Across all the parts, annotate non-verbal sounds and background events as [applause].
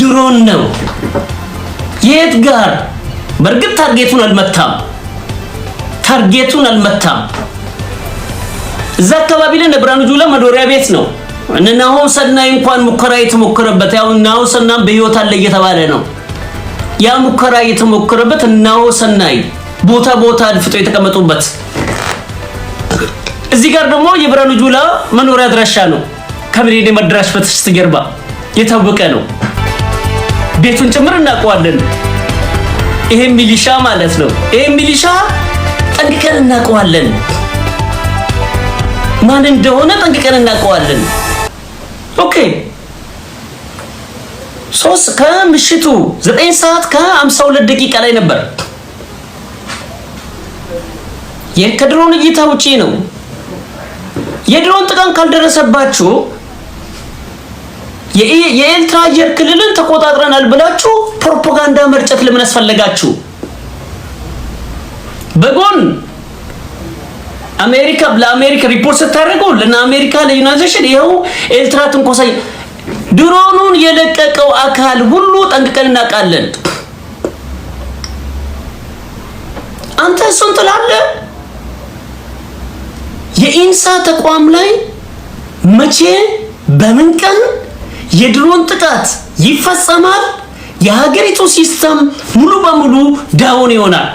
ድሮን ነው። የት ጋር? በእርግጥ ታርጌቱን አልመታም፣ ታርጌቱን አልመታም። እዛ አካባቢ ላይ ብርሃኑ ጁላ መኖሪያ ቤት ነው። እነ ናሆም ሰናይ እንኳን ሙከራ የተሞከረበት ያው ናሆም ሰናም በህይወት አለ እየተባለ ነው። ያ ሙከራ የተሞከረበት ናሆ ሰናይ ቦታ ቦታ አድፍጦ የተቀመጡበት እዚህ ጋር ደግሞ የብርሃኑ ጁላ መኖሪያ አድራሻ ነው። ከብሬ መድራሽ በስተጀርባ የታወቀ ነው። ቤቱን ጭምር እናውቀዋለን። ይሄ ሚሊሻ ማለት ነው። ይሄ ሚሊሻ ጠንቅቀን እናውቀዋለን። ማን እንደሆነ ጠንቅቀን እናውቀዋለን። ኦኬ ሶስት ከምሽቱ ዘጠኝ ሰዓት ከሀምሳ ሁለት ደቂቃ ላይ ነበር። ከድሮን እይታ ውጪ ነው። የድሮን ጥቃት ካልደረሰባችሁ የኤልትራ አየር ክልልን ተቆጣጥረናል ብላችሁ ፕሮፓጋንዳ መርጨት ለምን አስፈለጋችሁ? በጎን አሜሪካ ለአሜሪካ ሪፖርት ስታደርጉ ለአሜሪካ ለዩናይዜሽን ይኸው ኤልትራ ትንኮሳ ድሮኑን የለቀቀው አካል ሁሉ ጠንቅቀን እናውቃለን። አንተ እሱን ትላለህ። የኢንሳ ተቋም ላይ መቼ በምን ቀን የድሮን ጥቃት ይፈጸማል። የሀገሪቱ ሲስተም ሙሉ በሙሉ ዳውን ይሆናል።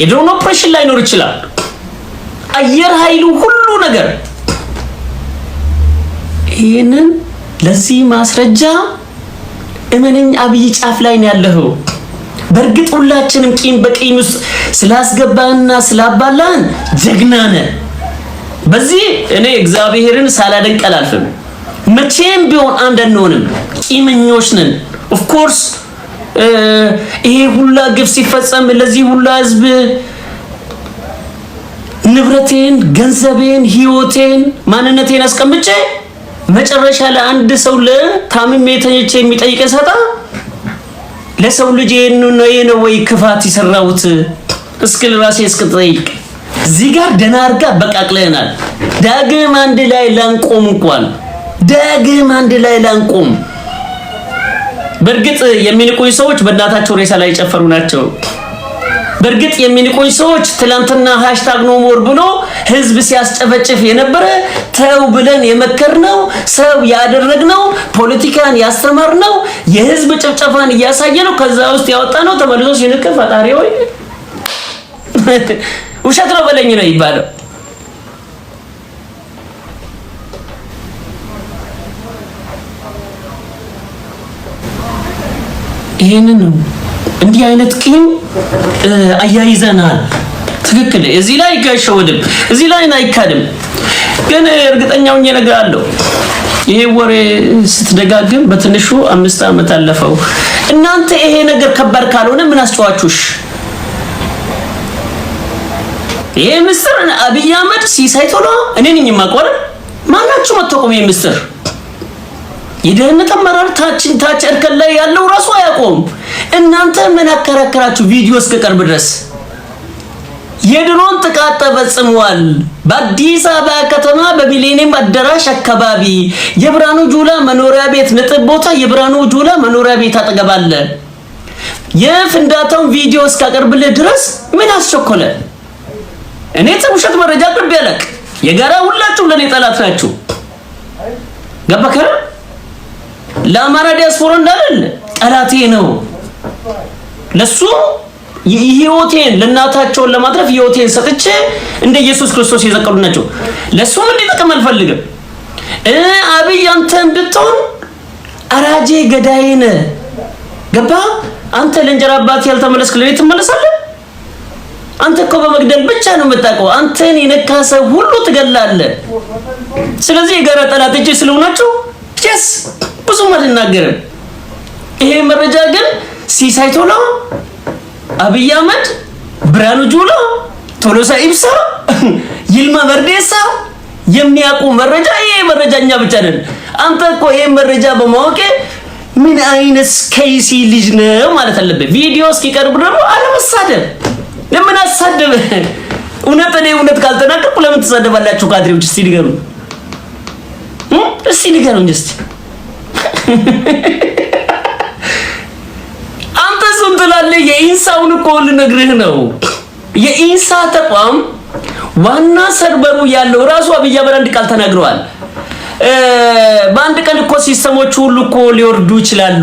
የድሮን ኦፕሬሽን ላይኖር ይችላል። አየር ኃይሉ ሁሉ ነገር ይህንን ለዚህ ማስረጃ እመነኝ፣ አብይ ጫፍ ላይ ነው ያለው። በእርግጥ ሁላችንም ቂም በቂም ውስጥ ስላስገባንና ስላባላን ጀግና ነን። በዚህ እኔ እግዚአብሔርን ሳላደንቅ አላልፍም። መቼም ቢሆን አንድ አንሆንም፣ ቂመኞች ነን። ኦፍ ኮርስ ይሄ ሁላ ግብ ሲፈጸም ለዚህ ሁላ ህዝብ ንብረቴን፣ ገንዘቤን፣ ህይወቴን፣ ማንነቴን አስቀምጬ መጨረሻ ለአንድ ሰው ለታምሜ ተኝቼ የሚጠይቀ ሰጣ ለሰው ልጅ ይሄን ነው ወይ ክፋት የሰራሁት እስክል ራሴ እስክጠይቅ እዚህ ጋር ደህና አድርጋ በቃቅለናል። ዳግም አንድ ላይ ላንቆም እንኳን ዳግም አንድ ላይ ላንቆም። በእርግጥ የሚንቁኝ ሰዎች በእናታቸው ሬሳ ላይ የጨፈሩ ናቸው። በእርግጥ የሚንቁኝ ሰዎች ትላንትና ሃሽታግ ኖ ሞር ብሎ ህዝብ ሲያስጨፈጭፍ የነበረ ተው ብለን የመከርነው ሰው ያደረግነው ፖለቲካን ያስተማርነው የህዝብ ጭፍጨፋን እያሳየ ነው። ከዛ ውስጥ ያወጣ ነው ተመልሶ ሲንቅር ፈጣሪ ውሸት ነው በለኝ ነው ይባለው። ይህንን እንዲህ አይነት ቂም አያይዘናል። ትክክል። እዚህ ላይ አይሸወድም፣ እዚህ ላይ አይካድም። ግን እርግጠኛው እነግርሃለሁ ይሄ ወሬ ስትደጋግም በትንሹ አምስት ዓመት አለፈው። እናንተ ይሄ ነገር ከባድ ካልሆነ ምን አስጨዋችሁሽ? ይሄ ምስጢር አብይ አህመድ ሲሳይ ቶሎ እኔ ነኝ የማቆረ ማናችሁ መጥቆም ይሄ ምስጢር የደህንነት አመራር ታችን ታች እርከን ላይ ያለው ራሱ አያውቀውም። እናንተ ምን አከራከራችሁ? ቪዲዮ እስከቀርብ ድረስ የድሮን ጥቃት ተፈጽሟል። በአዲስ አበባ ከተማ በሚሌኒየም አዳራሽ አካባቢ የብርሃኑ ጁላ መኖሪያ ቤት ንጥብ ቦታ የብርሃኑ ጁላ መኖሪያ ቤት አጠገብ አለ። የፍንዳታውን ቪዲዮ እስካቀርብልህ ድረስ ምን አስቸኮለ? እኔ ውሸት መረጃ ቅርብ ያለቅ የጋራ ሁላችሁ ለኔ ጠላት ናችሁ። ገባከ? ለአማራ ዲያስፖራ እንዳለን ጠላቴ ነው። ለሱ ህይወቴን ለእናታቸውን ለማትረፍ ህይወቴን ሰጥቼ እንደ ኢየሱስ ክርስቶስ የዘቀሉ ናቸው። ለሱ ምን ሊጠቅም አልፈልግም። አብይ አንተን ብትሆን አራጄ ገዳይነ ገባ? አንተ ለእንጀራ አባት ያልተመለስክ ለኔ ትመለሳለህ? አንተ እኮ በመግደል ብቻ ነው የምታውቀው። አንተን የነካ ሰው ሁሉ ትገላለህ። ስለዚህ የጋራ ጠላት እጅ ስለሆናችሁ ስ ብዙም አልናገርም። ይሄ መረጃ ግን ሲሳይ ቶላ፣ አብይ አህመድ፣ ብርሃኑ ጁላ፣ ቶሎሳ ኢብሳ፣ ይልማ መርዴሳ የሚያውቁ መረጃ ይሄ መረጃ እኛ ብቻ ነን። አንተ እኮ ይሄ መረጃ በማወቅ ምን አይነት ከይሲ ልጅ ነው ማለት አለብህ። ቪዲዮ እስኪቀርብ ደግሞ አለመሳደብ ለምን አሳደበ? እውነት እኔ እውነት ካልተናገርኩ ለምን ትሳደባላችሁ? ካድሬዎች እስቲ ንገሩ፣ እስቲ ንገሩ እንጂ እስቲ አንተ ስም ትላለህ። የኢንሳውን እኮ ልነግርህ ነው። የኢንሳ ተቋም ዋና ሰርበሩ ያለው ራሱ አብይ አህመድ አንድ ቃል ተናግረዋል። በአንድ ቀን እኮ ሲስተሞቹ ሁሉ እኮ ሊወርዱ ይችላሉ።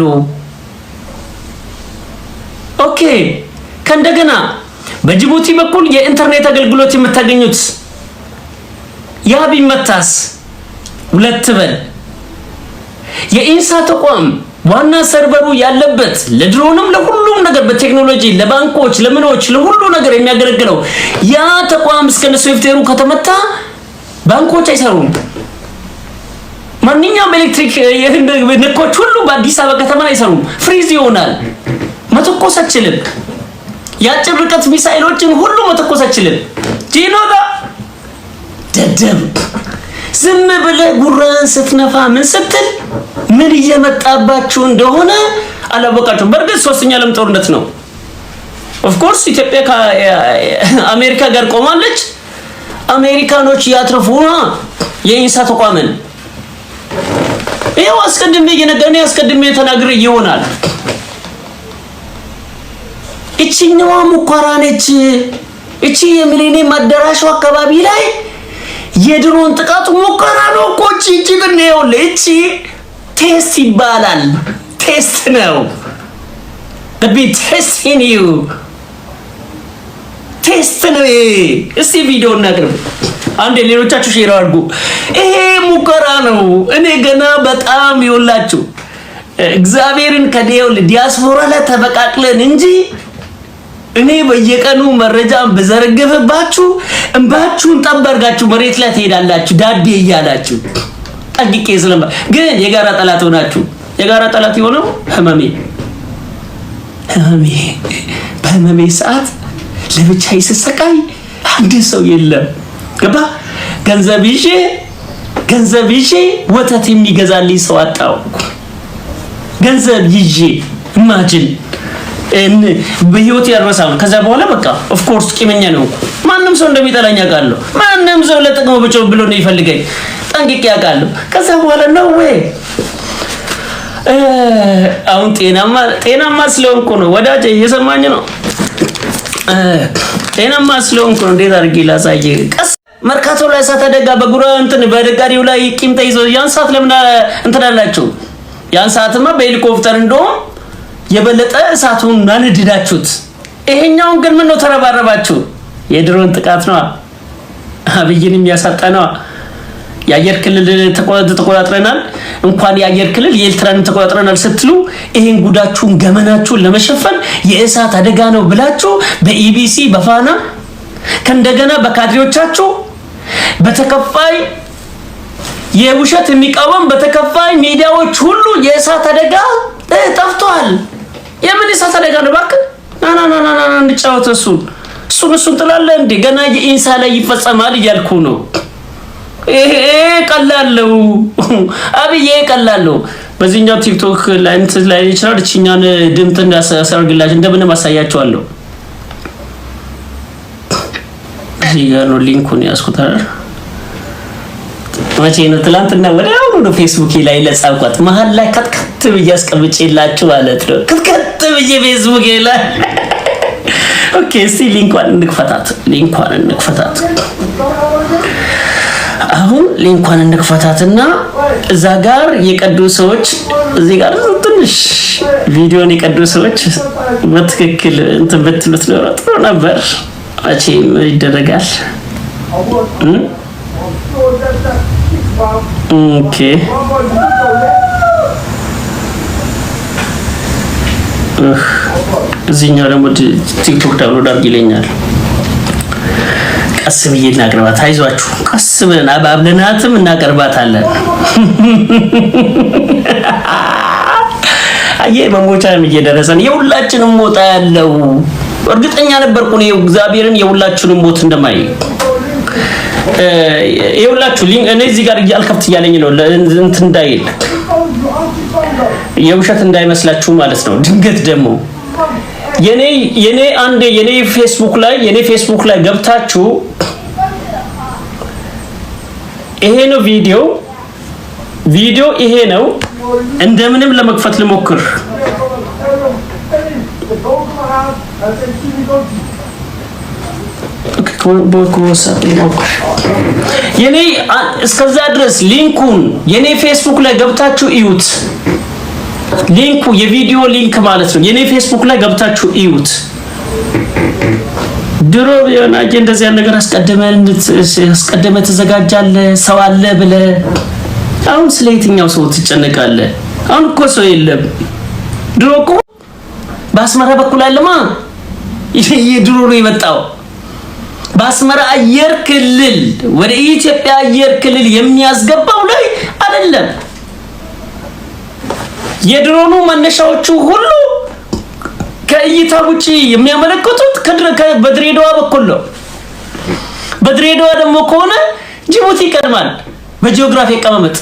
ኦኬ ከእንደገና በጅቡቲ በኩል የኢንተርኔት አገልግሎት የምታገኙት ያ ቢመታስ ሁለት በል። የኢንሳ ተቋም ዋና ሰርቨሩ ያለበት ለድሮንም ለሁሉም ነገር በቴክኖሎጂ ለባንኮች፣ ለምኖች፣ ለሁሉ ነገር የሚያገለግለው ያ ተቋም እስከ ሶፍትዌሩ ከተመታ ባንኮች አይሰሩም። ማንኛውም ኤሌክትሪክ ንኮች ሁሉ በአዲስ አበባ ከተማ አይሰሩም። ፍሪዝ ይሆናል። መተኮስ አችልም። የአጭር ርቀት ሚሳኤሎችን ሁሉ መተኮስ አይችልም። ጂኖባ ደደብ ዝም ብለህ ጉራን ስትነፋ ምን ስትል ምን እየመጣባችሁ እንደሆነ አላወቃችሁም። በእርግጥ ሶስተኛ ዓለም ጦርነት ነው። ኦፍኮርስ ኢትዮጵያ ከአሜሪካ ጋር ቆማለች። አሜሪካኖች ያትረፉ የኢንሳ ተቋምን ይኸው አስቀድሜ እየነገርን አስቀድሜ ተናግሬ ይሆናል እችኛዋ ሙከራ ነች። እቺ የሚሊኒየም አዳራሹ አካባቢ ላይ የድሮን ጥቃቱ ሙከራ ነው እኮ እቺ እቺ ግን እቺ ቴስት ይባላል። ቴስት ነው ቢ ቴስቲን ዩ ቴስት ነው ይሄ። እስቲ ቪዲዮ እናገር አንዴ፣ ሌሎቻችሁ ሼር አድርጉ። ይሄ ሙከራ ነው። እኔ ገና በጣም ይኸውላችሁ እግዚአብሔርን ከዲያስፖራ ላይ ተበቃቅለን እንጂ እኔ በየቀኑ መረጃን በዘረገፈባችሁ እንባችሁን ጠበርጋችሁ መሬት ላይ ትሄዳላችሁ፣ ዳዴ እያላችሁ ጠቂቄ ስለ ግን የጋራ ጠላት ሆናችሁ የጋራ ጠላት የሆነው ህመሜ ህመሜ በህመሜ ሰዓት ለብቻ ይሰሰቃይ አንድ ሰው የለም። ገባ ገንዘብ ይዤ ገንዘብ ይዤ ወተት የሚገዛልኝ ሰው አጣው። ገንዘብ ይዤ እማጅን በህይወት ያልረሳሉ። ከዛ በኋላ በቃ ኮርስ ቂመኛ ነው ማንም ሰው እንደሚጠላኝ አውቃለሁ። ማንም ሰው ለጥቅም ብቻ ብሎ ነው ይፈልገኝ ጠንቅቄ አውቃለሁ። ከዛ በኋላ ነው ወይ አሁን ጤናማ ጤናማ ስለሆንኩ ነው ወዳጄ፣ እየሰማኝ ነው። ጤናማ ስለሆንኩ ነው። እንዴት አድርጌ ላሳየህ? ቀስ መርካቶ ላይ እሳት አደጋ በጉራ እንትን በደጋሪው ላይ ቂም ተይዞ ያን ሰዓት ለምን እንትን አላቸው? ያን ሰዓትማ በሄሊኮፕተር እንደውም የበለጠ እሳቱን አነድዳችሁት። ይሄኛውን ግን ነው ተረባረባችሁ? የድሮን ጥቃት ነዋ። አብይን የሚያሳጣ ነዋ። የአየር ክልል ተቆጣጥረናል፣ እንኳን የአየር ክልል የኤርትራን ተቆጣጥረናል ስትሉ ይህን ጉዳችሁን ገመናችሁን ለመሸፈን የእሳት አደጋ ነው ብላችሁ በኢቢሲ በፋና ከእንደገና በካድሬዎቻችሁ በተከፋይ የውሸት የሚቃወም በተከፋይ ሚዲያዎች ሁሉ የእሳት አደጋ ጠፍቷል። የምን እሳት አደጋ ነው? እባክህ ናና ናና እንጫወት። እሱን እሱን እሱን ትላለህ እንዴ? ገና የኢንሳ ላይ ይፈጸማል እያልኩ ነው። ይሄ ቀላለው አብዬ ቀላለው። በዚህኛው ቲክቶክ ላይ እንትን ላይ ይችላል። እችኛን ድምፅ እንዳሰርግላችሁ እንደምንም አሳያችኋለሁ። እዚህ ጋር ነው ሊንኩን ያስኩታል። መቼ ነው? ትላንትና ወደ አሁኑ ነው ፌስቡኬ ላይ ለጻቋት መሀል ላይ ከትከት ብዬ አስቀምጬላችሁ ማለት ነው። ከትከት ብዬ ፌስቡኬ ላይ ኦኬ። እስቲ ሊንኳን እንክፈታት፣ ሊንኳን እንክፈታት። አሁን ሊንኳን እንክፈታትና እዛ ጋር የቀዱ ሰዎች እዚህ ጋር ትንሽ ቪዲዮን የቀዱ ሰዎች በትክክል እንትን ብትሉት ኖሮ ጥሩ ነበር። መቼም ይደረጋል። ኦኬ እዚህኛው ደግሞ ቲክቶክ ዳውንሎድ አድርግ ይለኛል። ቀስ ብዬ እናቅርባት፣ አይዟችሁ ቀስ ብለን አባብለናትም እናቀርባታለን። [laughs] አየህ መሞቻም እየደረሰን የሁላችንም ሞታ ያለው እርግጠኛ ነበርኩ እኔ እግዚአብሔርን የሁላችንም ሞት እንደማይ ይኸውላችሁ እኔ እዚህ ጋር እያልከፍት እያለኝ ነው እንትን እንዳይል የውሸት እንዳይመስላችሁ ማለት ነው። ድንገት ደግሞ የኔ የኔ አንድ የኔ ፌስቡክ ላይ የኔ ፌስቡክ ላይ ገብታችሁ ይሄ ነው ቪዲዮ ቪዲዮ ይሄ ነው እንደምንም ለመክፈት ልሞክር የኔ እስከዛ ድረስ ሊንኩን የኔ ፌስቡክ ላይ ገብታችሁ እዩት። ሊንኩ የቪዲዮ ሊንክ ማለት ነው። የኔ ፌስቡክ ላይ ገብታችሁ እዩት። ድሮ የሆነ እንደዚህ ያለ ነገር አስቀድመ ትዘጋጃለህ፣ ሰው አለ ብለ አሁን ስለ የትኛው ሰው ትጨነቃለህ? አሁን እኮ ሰው የለም። ድሮ እኮ በአስመራ በኩል አለማ ይሄ [laughs] ድሮ ነው የመጣው። በአስመራ አየር ክልል ወደ ኢትዮጵያ አየር ክልል የሚያስገባው ላይ አይደለም። የድሮኑ መነሻዎቹ ሁሉ ከእይታ ውጪ የሚያመለክቱት በድሬዳዋ በኩል ነው። በድሬዳዋ ደግሞ ከሆነ ጅቡቲ ይቀድማል። በጂኦግራፊ አቀማመጥ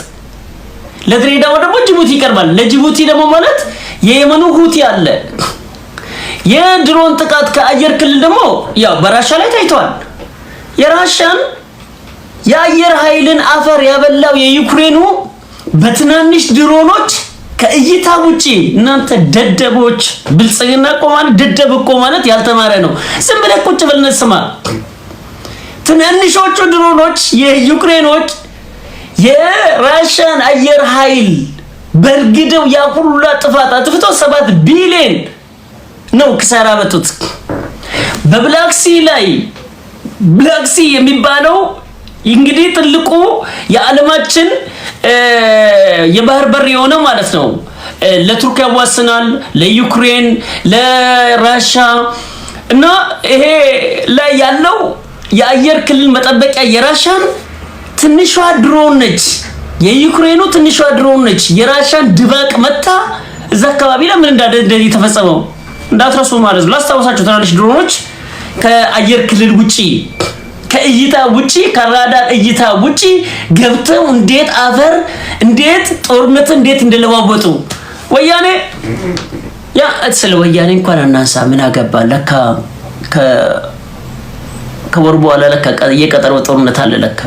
ለድሬዳዋ ደግሞ ጅቡቲ ይቀድማል። ለጅቡቲ ደግሞ ማለት የየመኑ ሁቲ አለ። የድሮን ጥቃት ከአየር ክልል ደግሞ ያው በራሻ ላይ ታይተዋል። የራሻን የአየር ኃይልን አፈር ያበላው የዩክሬኑ በትናንሽ ድሮኖች ከእይታ ውጪ እናንተ ደደቦች፣ ብልጽግና እኮ ማለት ደደብ እኮ ማለት ያልተማረ ነው። ዝም ብለህ ቁጭ ስማ። ትናንሾቹ ድሮኖች የዩክሬኖች የራሽያን አየር ኃይል በእርግደው ያ ጥፋት አጥፍቶ ሰባት ቢሊዮን ነው ክሳራ በቱት በብላክሲ ላይ ብላክሲ የሚባለው እንግዲህ ትልቁ የዓለማችን የባህር በር የሆነው ማለት ነው። ለቱርክ ያዋስናል፣ ለዩክሬን፣ ለራሻ እና ይሄ ላይ ያለው የአየር ክልል መጠበቂያ የራሻን ትንሿ ድሮን ነች። የዩክሬኑ ትንሿ ድሮን ነች። የራሻን ድባቅ መታ እዛ አካባቢ ለምን እንዳደ እንደዚህ እንዳትረሱ ማለት ነው። ላስታውሳቸው ትናንሽ ድሮኖች ከአየር ክልል ውጪ ከእይታ ውጪ ከራዳር እይታ ውጪ ገብተው እንዴት አፈር እንዴት ጦርነት እንዴት እንደለዋወጡ ወያኔ ያ ስለ ወያኔ እንኳን አናንሳ። ምን አገባ ለካ ከወር በኋላ ለካ የቀጠሮ ጦርነት አለ ለካ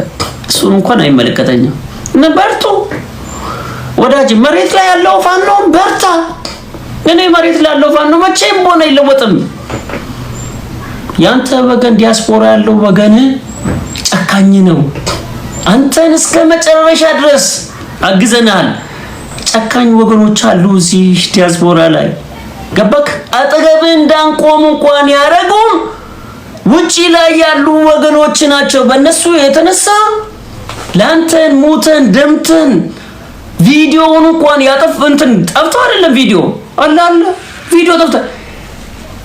እሱን እንኳን አይመለከተኝም። እና በርቱ ወዳጅ፣ መሬት ላይ ያለው ፋኖ በርታ። እኔ መሬት ላይ ያለው ፋኖ መቼም ሆነ አይለወጥም። ያንተ ወገን ዲያስፖራ ያለው ወገን ጨካኝ ነው። አንተን እስከ መጨረሻ ድረስ አግዘናል። ጨካኝ ወገኖች አሉ እዚህ ዲያስፖራ ላይ ገባክ። አጠገብህ እንዳንቆም እንኳን ያደረጉም ውጪ ላይ ያሉ ወገኖች ናቸው። በእነሱ የተነሳ ለአንተን ሙተን ደምተን ቪዲዮውን እንኳን ያጠፍ እንትን ጠፍቶ አይደለም ቪዲዮ አለ አለ ቪዲዮ ጠፍቶ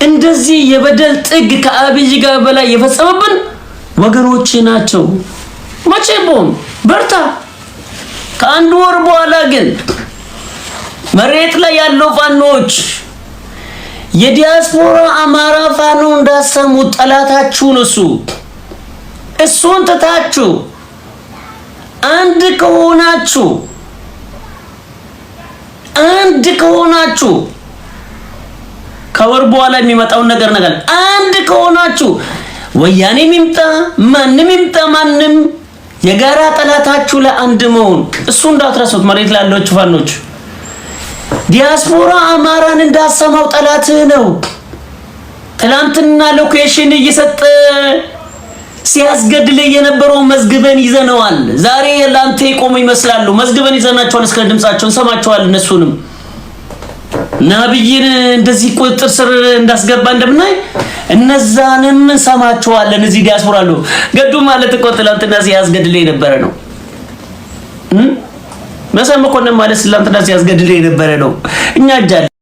እንደዚህ የበደል ጥግ ከአብይ ጋር በላይ የፈጸመብን ወገኖች ናቸው። መቼም በርታ። ከአንድ ወር በኋላ ግን መሬት ላይ ያለው ፋኖዎች የዲያስፖራ አማራ ፋኖ እንዳሰሙ ጠላታችሁን እሱ እሱን ትታችሁ አንድ ከሆናችሁ አንድ ከሆናችሁ ከወር በኋላ የሚመጣውን ነገር ነገር አንድ ከሆናችሁ ወያኔ ይምጣ ማንም ይምጣ ማንም የጋራ ጠላታችሁ ለአንድ መሆን እሱ እንዳትረሱት። መሬት ላለች ፋኖች ዲያስፖራ አማራን እንዳሰማው ጠላትህ ነው። ትላንትና ሎኬሽን እየሰጠ ሲያስገድል የነበረው መዝግበን ይዘነዋል። ዛሬ ለአንተ የቆሙ ይመስላሉ። መዝግበን ይዘናቸዋል። እስከ ድምጻቸውን ሰማቸዋል። እነሱንም ነብይን እንደዚህ ቁጥጥር ስር እንዳስገባ እንደምናይ እነዛንም እንሰማቸዋለን። እዚህ ዲያስፖራ አሉ። ገዱ ማለት እኮ ትላንትና ሲያስገድል የነበረ ነው። መሳይ መኮንን ማለት ትላንትና ሲያስገድል የነበረ ነው። እኛ እጃለ